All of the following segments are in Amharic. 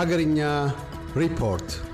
Hagarinya Report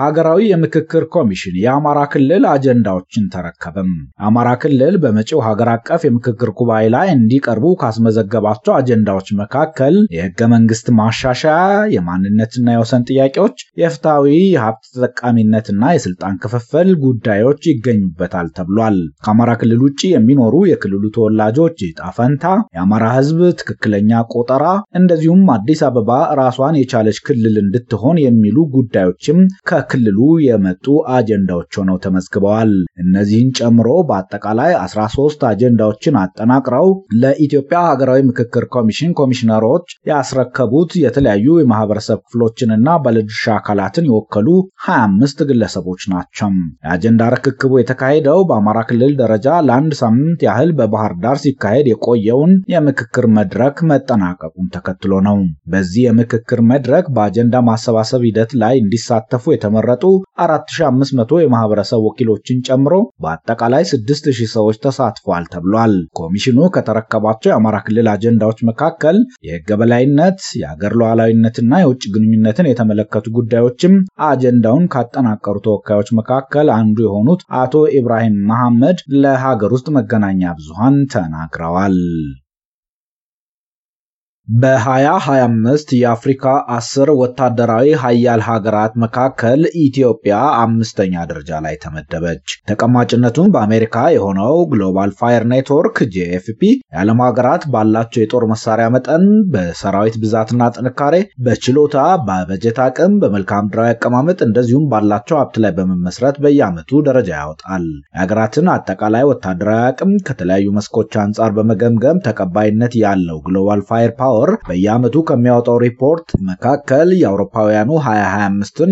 ሀገራዊ የምክክር ኮሚሽን የአማራ ክልል አጀንዳዎችን ተረከበም። አማራ ክልል በመጪው ሀገር አቀፍ የምክክር ጉባኤ ላይ እንዲቀርቡ ካስመዘገባቸው አጀንዳዎች መካከል የህገ መንግስት ማሻሻያ፣ የማንነትና የወሰን ጥያቄዎች፣ የፍትሐዊ የሀብት ተጠቃሚነትና የስልጣን ክፍፍል ጉዳዮች ይገኙበታል ተብሏል። ከአማራ ክልል ውጭ የሚኖሩ የክልሉ ተወላጆች ዕጣ ፈንታ፣ የአማራ ህዝብ ትክክለኛ ቆጠራ፣ እንደዚሁም አዲስ አበባ ራሷን የቻለች ክልል እንድትሆን የሚሉ ጉዳዮችም ከ ከክልሉ የመጡ አጀንዳዎች ሆነው ተመዝግበዋል። እነዚህን ጨምሮ በአጠቃላይ 13 አጀንዳዎችን አጠናቅረው ለኢትዮጵያ ሀገራዊ ምክክር ኮሚሽን ኮሚሽነሮች ያስረከቡት የተለያዩ የማህበረሰብ ክፍሎችንና ባለድርሻ አካላትን የወከሉ 25 ግለሰቦች ናቸው። የአጀንዳ ርክክቡ የተካሄደው በአማራ ክልል ደረጃ ለአንድ ሳምንት ያህል በባህር ዳር ሲካሄድ የቆየውን የምክክር መድረክ መጠናቀቁን ተከትሎ ነው። በዚህ የምክክር መድረክ በአጀንዳ ማሰባሰብ ሂደት ላይ እንዲሳተፉ የተመ የተመረጡ 4500 የማህበረሰብ ወኪሎችን ጨምሮ በአጠቃላይ 6000 ሰዎች ተሳትፏል ተብሏል። ኮሚሽኑ ከተረከባቸው የአማራ ክልል አጀንዳዎች መካከል የህገ በላይነት፣ የአገር ሉዓላዊነትና የውጭ ግንኙነትን የተመለከቱ ጉዳዮችም አጀንዳውን ካጠናቀሩ ተወካዮች መካከል አንዱ የሆኑት አቶ ኢብራሂም መሐመድ ለሀገር ውስጥ መገናኛ ብዙሃን ተናግረዋል። በ2025 የአፍሪካ አስር ወታደራዊ ሀያል ሀገራት መካከል ኢትዮጵያ አምስተኛ ደረጃ ላይ ተመደበች። ተቀማጭነቱን በአሜሪካ የሆነው ግሎባል ፋየር ኔትወርክ ጂኤፍፒ የዓለም ሀገራት ባላቸው የጦር መሳሪያ መጠን፣ በሰራዊት ብዛትና ጥንካሬ፣ በችሎታ፣ በበጀት አቅም፣ በመልክዓ ምድራዊ አቀማመጥ እንደዚሁም ባላቸው ሀብት ላይ በመመስረት በየዓመቱ ደረጃ ያወጣል። የሀገራትን አጠቃላይ ወታደራዊ አቅም ከተለያዩ መስኮች አንጻር በመገምገም ተቀባይነት ያለው ግሎባል ፋየር ፓወር ፓወር በየዓመቱ ከሚያወጣው ሪፖርት መካከል የአውሮፓውያኑ 2025ን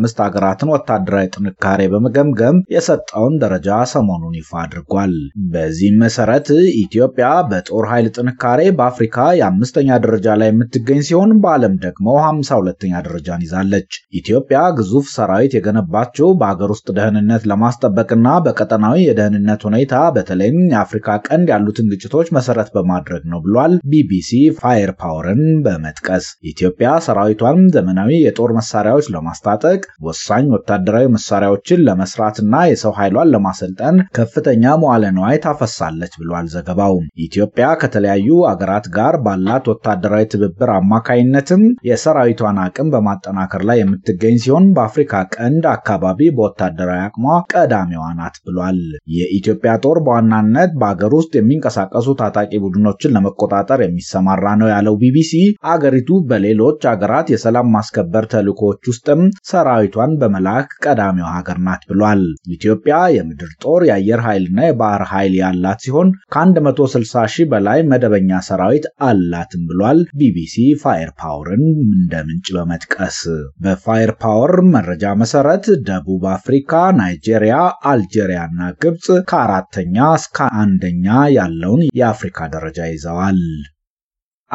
የ145 ሀገራትን ወታደራዊ ጥንካሬ በመገምገም የሰጠውን ደረጃ ሰሞኑን ይፋ አድርጓል። በዚህም መሰረት ኢትዮጵያ በጦር ኃይል ጥንካሬ በአፍሪካ የአምስተኛ ደረጃ ላይ የምትገኝ ሲሆን በዓለም ደግሞ 52ኛ ደረጃን ይዛለች። ኢትዮጵያ ግዙፍ ሰራዊት የገነባችው በአገር ውስጥ ደህንነት ለማስጠበቅና በቀጠናዊ የደህንነት ሁኔታ በተለይም የአፍሪካ ቀንድ ያሉትን ግጭቶች መሰረት በማድረግ ነው ብሏል ቢቢሲ ፋየር ፓወርን በመጥቀስ ኢትዮጵያ ሰራዊቷን ዘመናዊ የጦር መሳሪያዎች ለማስታጠቅ ወሳኝ ወታደራዊ መሳሪያዎችን ለመስራትና የሰው ኃይሏን ለማሰልጠን ከፍተኛ መዋለ ንዋይ ታፈሳለች ብሏል ዘገባው። ኢትዮጵያ ከተለያዩ አገራት ጋር ባላት ወታደራዊ ትብብር አማካይነትም የሰራዊቷን አቅም በማጠናከር ላይ የምትገኝ ሲሆን በአፍሪካ ቀንድ አካባቢ በወታደራዊ አቅሟ ቀዳሚዋ ናት ብሏል። የኢትዮጵያ ጦር በዋናነት በአገር ውስጥ የሚንቀሳቀሱ ታጣቂ ቡድኖችን ለመቆጣጠር የሚሰማ። እየተሰማራ ነው ያለው ቢቢሲ አገሪቱ በሌሎች አገራት የሰላም ማስከበር ተልእኮዎች ውስጥም ሰራዊቷን በመላክ ቀዳሚው ሀገር ናት ብሏል። ኢትዮጵያ የምድር ጦር፣ የአየር ኃይልና የባህር ኃይል ያላት ሲሆን ከ160 ሺህ በላይ መደበኛ ሰራዊት አላትም ብሏል ቢቢሲ ፋየር ፓወርን እንደ ምንጭ በመጥቀስ በፋየር ፓወር መረጃ መሰረት ደቡብ አፍሪካ፣ ናይጄሪያ፣ አልጄሪያና ግብፅ ከአራተኛ እስከ አንደኛ ያለውን የአፍሪካ ደረጃ ይዘዋል።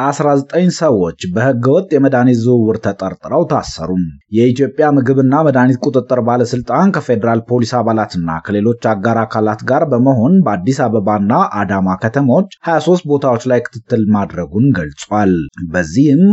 19 ሰዎች በህገወጥ የመድኃኒት ዝውውር ተጠርጥረው ታሰሩ። የኢትዮጵያ ምግብና መድኃኒት ቁጥጥር ባለስልጣን ከፌዴራል ፖሊስ አባላትና ከሌሎች አጋር አካላት ጋር በመሆን በአዲስ አበባና አዳማ ከተሞች 23 ቦታዎች ላይ ክትትል ማድረጉን ገልጿል። በዚህም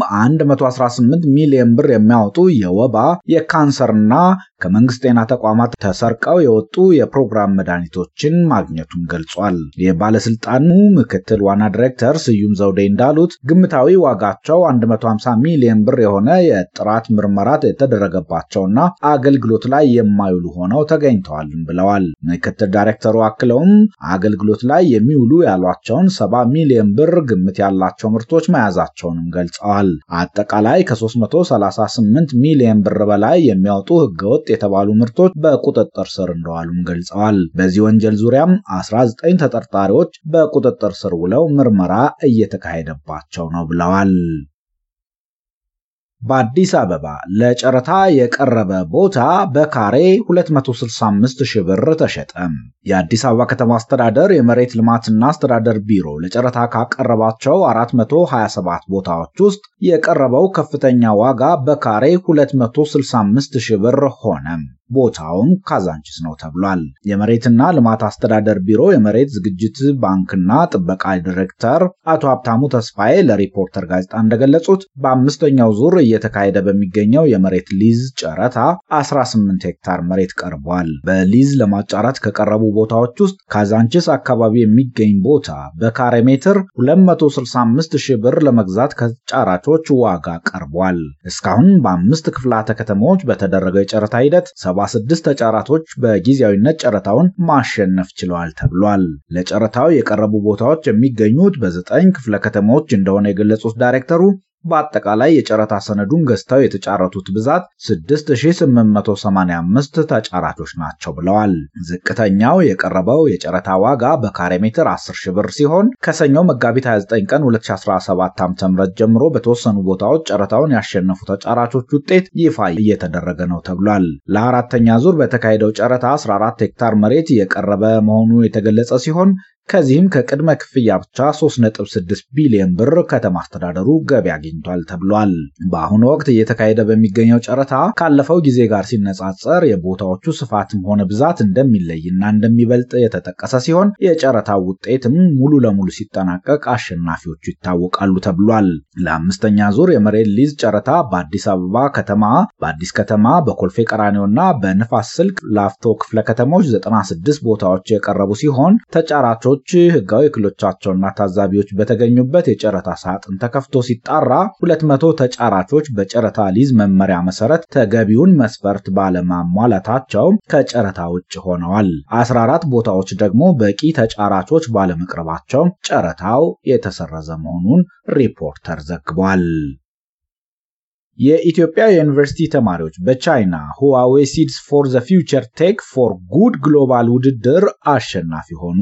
118 ሚሊዮን ብር የሚያወጡ የወባ የካንሰርና ከመንግስት ጤና ተቋማት ተሰርቀው የወጡ የፕሮግራም መድኃኒቶችን ማግኘቱን ገልጿል። የባለስልጣኑ ምክትል ዋና ዲሬክተር ስዩም ዘውዴ እንዳሉት ግምታዊ ዋጋቸው 150 ሚሊዮን ብር የሆነ የጥራት ምርመራ የተደረገባቸውና አገልግሎት ላይ የማይውሉ ሆነው ተገኝተዋል ብለዋል። ምክትል ዳይሬክተሩ አክለውም አገልግሎት ላይ የሚውሉ ያሏቸውን 70 ሚሊዮን ብር ግምት ያላቸው ምርቶች መያዛቸውንም ገልጸዋል። አጠቃላይ ከ338 ሚሊዮን ብር በላይ የሚያወጡ ህገወጥ የተባሉ ምርቶች በቁጥጥር ስር እንደዋሉም ገልጸዋል። በዚህ ወንጀል ዙሪያም 19 ተጠርጣሪዎች በቁጥጥር ስር ውለው ምርመራ እየተካሄደባቸው መሆናቸው ነው ብለዋል። በአዲስ አበባ ለጨረታ የቀረበ ቦታ በካሬ 265 ሺህ ብር ተሸጠ። የአዲስ አበባ ከተማ አስተዳደር የመሬት ልማትና አስተዳደር ቢሮ ለጨረታ ካቀረባቸው 427 ቦታዎች ውስጥ የቀረበው ከፍተኛ ዋጋ በካሬ 265 ሺህ ብር ሆነ። ቦታውም ካዛንችስ ነው ተብሏል። የመሬትና ልማት አስተዳደር ቢሮ የመሬት ዝግጅት ባንክና ጥበቃ ዲሬክተር አቶ ሀብታሙ ተስፋዬ ለሪፖርተር ጋዜጣ እንደገለጹት በአምስተኛው ዙር እየተካሄደ በሚገኘው የመሬት ሊዝ ጨረታ 18 ሄክታር መሬት ቀርቧል። በሊዝ ለማጫራት ከቀረቡ ቦታዎች ውስጥ ካዛንችስ አካባቢ የሚገኝ ቦታ በካሬ ሜትር 265 ሺህ ብር ለመግዛት ከጫራቾች ዋጋ ቀርቧል። እስካሁን በአምስት ክፍላተ ከተማዎች በተደረገው የጨረታ ሂደት 46 ተጫራቶች በጊዜያዊነት ጨረታውን ማሸነፍ ችለዋል ተብሏል። ለጨረታው የቀረቡ ቦታዎች የሚገኙት በዘጠኝ ክፍለ ከተሞች እንደሆነ የገለጹት ዳይሬክተሩ በአጠቃላይ የጨረታ ሰነዱን ገዝተው የተጫረቱት ብዛት 6885 ተጫራቾች ናቸው ብለዋል። ዝቅተኛው የቀረበው የጨረታ ዋጋ በካሬ ሜትር 10 ብር ሲሆን ከሰኞ መጋቢት 29 ቀን 2017 ዓ.ም ጀምሮ በተወሰኑ ቦታዎች ጨረታውን ያሸነፉ ተጫራቾች ውጤት ይፋ እየተደረገ ነው ተብሏል። ለአራተኛ ዙር በተካሄደው ጨረታ 14 ሄክታር መሬት የቀረበ መሆኑ የተገለጸ ሲሆን ከዚህም ከቅድመ ክፍያ ብቻ 3.6 ቢሊዮን ብር ከተማ አስተዳደሩ ገቢ አግኝቷል ተብሏል። በአሁኑ ወቅት እየተካሄደ በሚገኘው ጨረታ ካለፈው ጊዜ ጋር ሲነጻጸር የቦታዎቹ ስፋትም ሆነ ብዛት እንደሚለይና እንደሚበልጥ የተጠቀሰ ሲሆን የጨረታው ውጤትም ሙሉ ለሙሉ ሲጠናቀቅ አሸናፊዎቹ ይታወቃሉ ተብሏል። ለአምስተኛ ዙር የመሬት ሊዝ ጨረታ በአዲስ አበባ ከተማ፣ በአዲስ ከተማ፣ በኮልፌ ቀራኒዮና በንፋስ ስልክ ላፍቶ ክፍለ ከተሞች 96 ቦታዎች የቀረቡ ሲሆን ተጫራቾች ፓርቲዎች ህጋዊ ክሎቻቸውና ታዛቢዎች በተገኙበት የጨረታ ሳጥን ተከፍቶ ሲጣራ 200 ተጫራቾች በጨረታ ሊዝ መመሪያ መሰረት ተገቢውን መስፈርት ባለማሟላታቸው ከጨረታ ውጭ ሆነዋል። 14 ቦታዎች ደግሞ በቂ ተጫራቾች ባለመቅረባቸው ጨረታው የተሰረዘ መሆኑን ሪፖርተር ዘግቧል። የኢትዮጵያ የዩኒቨርሲቲ ተማሪዎች በቻይና ሁዋዌ ሲድስ ፎር ዘ ፊውቸር ቴክ ፎር ጉድ ግሎባል ውድድር አሸናፊ ሆኑ።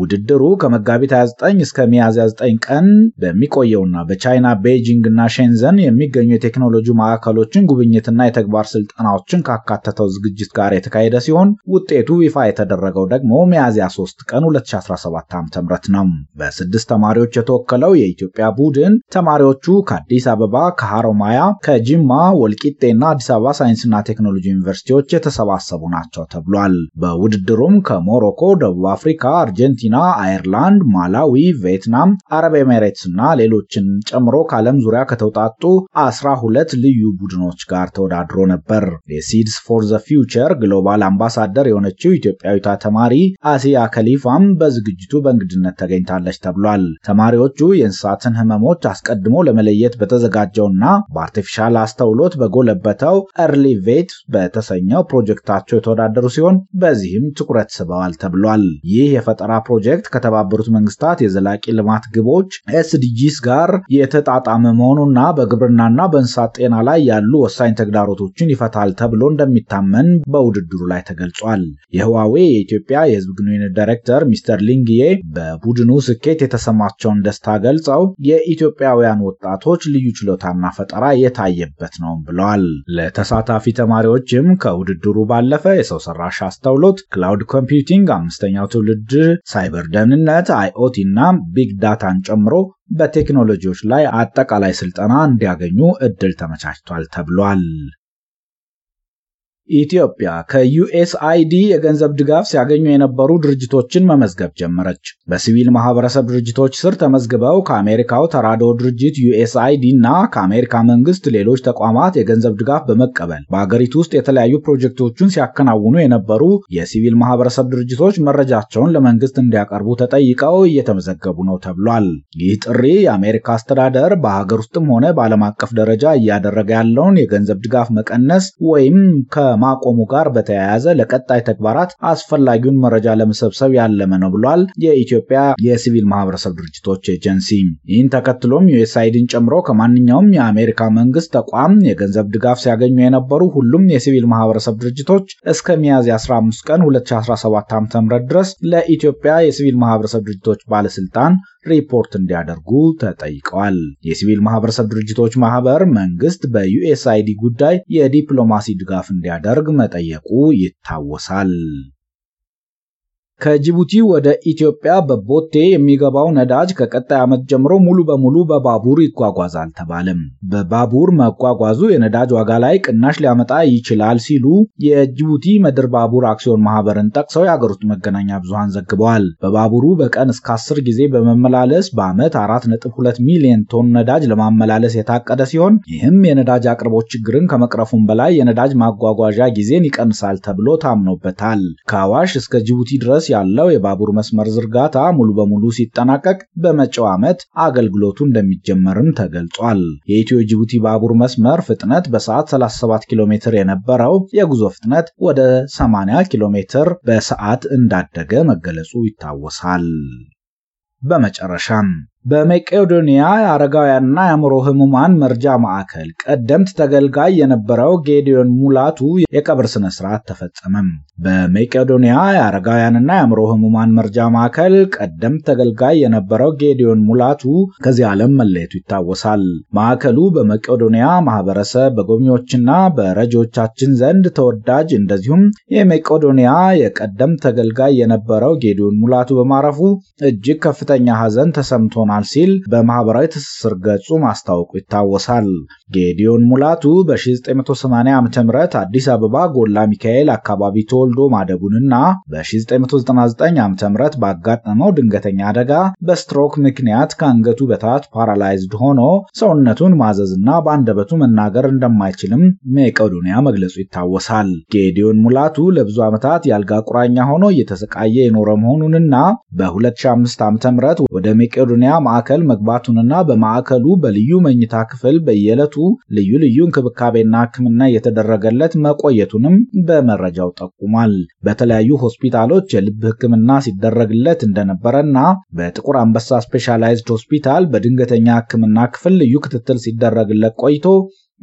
ውድድሩ ከመጋቢት 29 እስከ ሚያዝያ 9 ቀን በሚቆየውና በቻይና ቤጂንግ እና ሼንዘን የሚገኙ የቴክኖሎጂ ማዕከሎችን ጉብኝትና የተግባር ስልጠናዎችን ካካተተው ዝግጅት ጋር የተካሄደ ሲሆን ውጤቱ ይፋ የተደረገው ደግሞ ሚያዝያ 3 ቀን 2017 ዓ.ም ነው። በስድስት ተማሪዎች የተወከለው የኢትዮጵያ ቡድን ተማሪዎቹ ከአዲስ አበባ፣ ከሐሮማያ፣ ከ ከጅማ ወልቂጤና አዲስ አበባ ሳይንስና ቴክኖሎጂ ዩኒቨርሲቲዎች የተሰባሰቡ ናቸው ተብሏል። በውድድሩም ከሞሮኮ፣ ደቡብ አፍሪካ፣ አርጀንቲና፣ አየርላንድ፣ ማላዊ፣ ቪየትናም፣ አረብ ኤሜሬትስ እና ሌሎችን ጨምሮ ከዓለም ዙሪያ ከተውጣጡ አስራ ሁለት ልዩ ቡድኖች ጋር ተወዳድሮ ነበር። የሲድስ ፎር ዘ ፊውቸር ግሎባል አምባሳደር የሆነችው ኢትዮጵያዊቷ ተማሪ አሲያ ከሊፋም በዝግጅቱ በእንግድነት ተገኝታለች ተብሏል። ተማሪዎቹ የእንስሳትን ህመሞች አስቀድሞ ለመለየት በተዘጋጀውና በአርቲፊሻል የተሻለ አስተውሎት በጎለበተው ቬት በተሰኘው ፕሮጀክታቸው የተወዳደሩ ሲሆን በዚህም ትኩረት ስበዋል ተብሏል። ይህ የፈጠራ ፕሮጀክት ከተባበሩት መንግስታት የዘላቂ ልማት ግቦች ኤስዲጂስ ጋር የተጣጣመ መሆኑና በግብርናና በእንስሳት ጤና ላይ ያሉ ወሳኝ ተግዳሮቶችን ይፈታል ተብሎ እንደሚታመን በውድድሩ ላይ ተገልጿል። የህዋዌ የኢትዮጵያ የህዝብ ግንኙነት ዳይሬክተር ሚስተር ሊንግዬ በቡድኑ ስኬት የተሰማቸውን ደስታ ገልጸው የኢትዮጵያውያን ወጣቶች ልዩ ችሎታና ፈጠራ የታየ የታየበት ነው ብለዋል። ለተሳታፊ ተማሪዎችም ከውድድሩ ባለፈ የሰው ሰራሽ አስተውሎት፣ ክላውድ ኮምፒውቲንግ፣ አምስተኛው ትውልድ ሳይበር ደህንነት፣ አይኦቲ እና ቢግ ዳታን ጨምሮ በቴክኖሎጂዎች ላይ አጠቃላይ ስልጠና እንዲያገኙ እድል ተመቻችቷል ተብሏል። ኢትዮጵያ ከዩኤስአይዲ የገንዘብ ድጋፍ ሲያገኙ የነበሩ ድርጅቶችን መመዝገብ ጀመረች። በሲቪል ማህበረሰብ ድርጅቶች ስር ተመዝግበው ከአሜሪካው ተራዶ ድርጅት ዩኤስአይዲ እና ከአሜሪካ መንግስት ሌሎች ተቋማት የገንዘብ ድጋፍ በመቀበል በአገሪቱ ውስጥ የተለያዩ ፕሮጀክቶችን ሲያከናውኑ የነበሩ የሲቪል ማህበረሰብ ድርጅቶች መረጃቸውን ለመንግስት እንዲያቀርቡ ተጠይቀው እየተመዘገቡ ነው ተብሏል። ይህ ጥሪ የአሜሪካ አስተዳደር በሀገር ውስጥም ሆነ በዓለም አቀፍ ደረጃ እያደረገ ያለውን የገንዘብ ድጋፍ መቀነስ ወይም ከ ከማቆሙ ጋር በተያያዘ ለቀጣይ ተግባራት አስፈላጊውን መረጃ ለመሰብሰብ ያለመ ነው ብሏል። የኢትዮጵያ የሲቪል ማህበረሰብ ድርጅቶች ኤጀንሲ ይህን ተከትሎም ዩኤስአይድን ጨምሮ ከማንኛውም የአሜሪካ መንግስት ተቋም የገንዘብ ድጋፍ ሲያገኙ የነበሩ ሁሉም የሲቪል ማህበረሰብ ድርጅቶች እስከ ሚያዝያ 15 ቀን 2017 ዓ.ም ድረስ ለኢትዮጵያ የሲቪል ማህበረሰብ ድርጅቶች ባለስልጣን ሪፖርት እንዲያደርጉ ተጠይቀዋል። የሲቪል ማህበረሰብ ድርጅቶች ማህበር መንግስት በዩኤስአይዲ ጉዳይ የዲፕሎማሲ ድጋፍ እንዲያደርግ እንዲያደርግ መጠየቁ ይታወሳል። ከጅቡቲ ወደ ኢትዮጵያ በቦቴ የሚገባው ነዳጅ ከቀጣይ ዓመት ጀምሮ ሙሉ በሙሉ በባቡር ይጓጓዛል ተባለም። በባቡር መጓጓዙ የነዳጅ ዋጋ ላይ ቅናሽ ሊያመጣ ይችላል ሲሉ የጅቡቲ ምድር ባቡር አክሲዮን ማህበርን ጠቅሰው የአገር ውስጥ መገናኛ ብዙሃን ዘግበዋል። በባቡሩ በቀን እስከ አስር ጊዜ በመመላለስ በዓመት 4.2 ሚሊዮን ቶን ነዳጅ ለማመላለስ የታቀደ ሲሆን ይህም የነዳጅ አቅርቦት ችግርን ከመቅረፉም በላይ የነዳጅ ማጓጓዣ ጊዜን ይቀንሳል ተብሎ ታምኖበታል። ከአዋሽ እስከ ጅቡቲ ድረስ ያለው የባቡር መስመር ዝርጋታ ሙሉ በሙሉ ሲጠናቀቅ በመጪው ዓመት አገልግሎቱ እንደሚጀመርም ተገልጿል። የኢትዮ ጅቡቲ ባቡር መስመር ፍጥነት በሰዓት 37 ኪሎ ሜትር የነበረው የጉዞ ፍጥነት ወደ 80 ኪሎ ሜትር በሰዓት እንዳደገ መገለጹ ይታወሳል። በመጨረሻም በመቄዶንያ የአረጋውያንና የአእምሮ ህሙማን መርጃ ማዕከል ቀደምት ተገልጋይ የነበረው ጌዲዮን ሙላቱ የቀብር ስነ ስርዓት ተፈጸመም። በመቄዶንያ የአረጋውያንና የአእምሮ ህሙማን መርጃ ማዕከል ቀደምት ተገልጋይ የነበረው ጌዲዮን ሙላቱ ከዚህ ዓለም መለየቱ ይታወሳል። ማዕከሉ በመቄዶንያ ማህበረሰብ፣ በጎብኚዎችና በረጂዎቻችን ዘንድ ተወዳጅ እንደዚሁም የመቄዶንያ የቀደምት ተገልጋይ የነበረው ጌዲዮን ሙላቱ በማረፉ እጅግ ከፍተኛ ሀዘን ተሰምቶናል ይጠቀማል ሲል በማህበራዊ ትስስር ገጹ ማስታወቁ ይታወሳል። ጌዲዮን ሙላቱ በ1980 ዓ ም አዲስ አበባ ጎላ ሚካኤል አካባቢ ተወልዶ ማደጉንና በ1999 ዓ ም ባጋጠመው ድንገተኛ አደጋ በስትሮክ ምክንያት ከአንገቱ በታች ፓራላይዝድ ሆኖ ሰውነቱን ማዘዝና በአንደበቱ መናገር እንደማይችልም መቄዶንያ መግለጹ ይታወሳል። ጌዲዮን ሙላቱ ለብዙ ዓመታት የአልጋ ቁራኛ ሆኖ እየተሰቃየ የኖረ መሆኑንና በ2005 ዓ ም ወደ መቄዶንያ ማዕከል መግባቱንና በማዕከሉ በልዩ መኝታ ክፍል በየዕለቱ ልዩ ልዩ እንክብካቤና ሕክምና እየተደረገለት መቆየቱንም በመረጃው ጠቁሟል። በተለያዩ ሆስፒታሎች የልብ ሕክምና ሲደረግለት እንደነበረና በጥቁር አንበሳ ስፔሻላይዝድ ሆስፒታል በድንገተኛ ሕክምና ክፍል ልዩ ክትትል ሲደረግለት ቆይቶ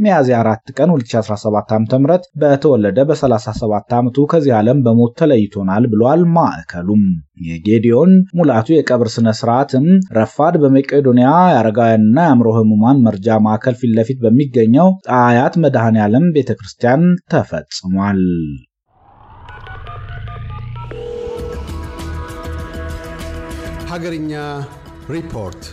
ሚያዝያ 4 ቀን 2017 ዓ.ም በተወለደ በ37 ዓመቱ ከዚህ ዓለም በሞት ተለይቶናል ብሏል። ማዕከሉም የጌዲዮን ሙላቱ የቀብር ስነ ስርዓትም ረፋድ በመቄዶንያ የአረጋውያንና የአእምሮ ህሙማን መርጃ ማዕከል ፊት ለፊት በሚገኘው ጣያት መድኃኔ ዓለም ቤተ ክርስቲያን ተፈጽሟል። ሀገርኛ ሪፖርት